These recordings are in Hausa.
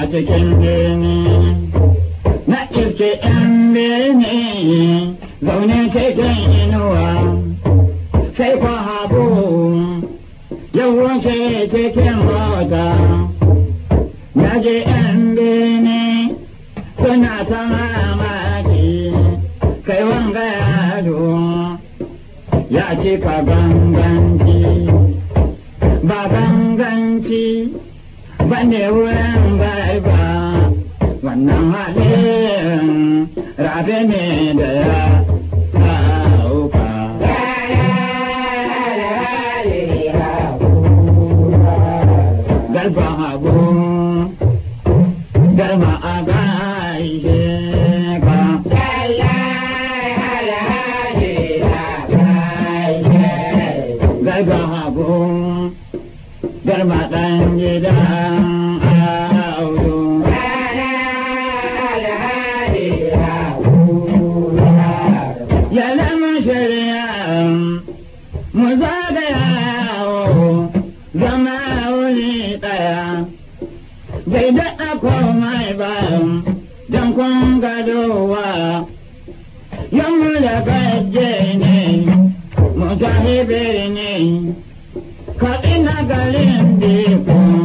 a cikin bene na iske yan bene zaune cikin inuwa sai kwa habu yawanci cikin mota na je yan bene suna ta mamaki kai wanga yado ya ce banganci ganganci ba ganganci bane ruwan bai ba wannan halin rabe ne da ya hauka. Garba hagu, garba a gaishe ka. Garba hagu. garba ɗan gida audu. Yalamin mu zagaya zama wuri ɗaya, bai daɗa komai ba mu da kaje ne, mu tahi birni. kaɗi na garin da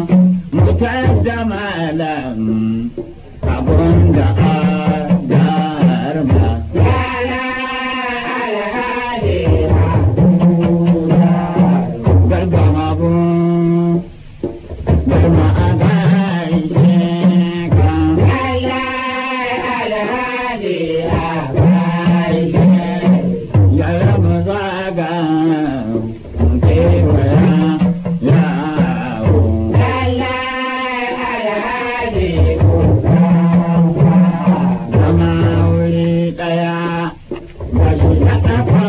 zama wuri ɗaya ba shi na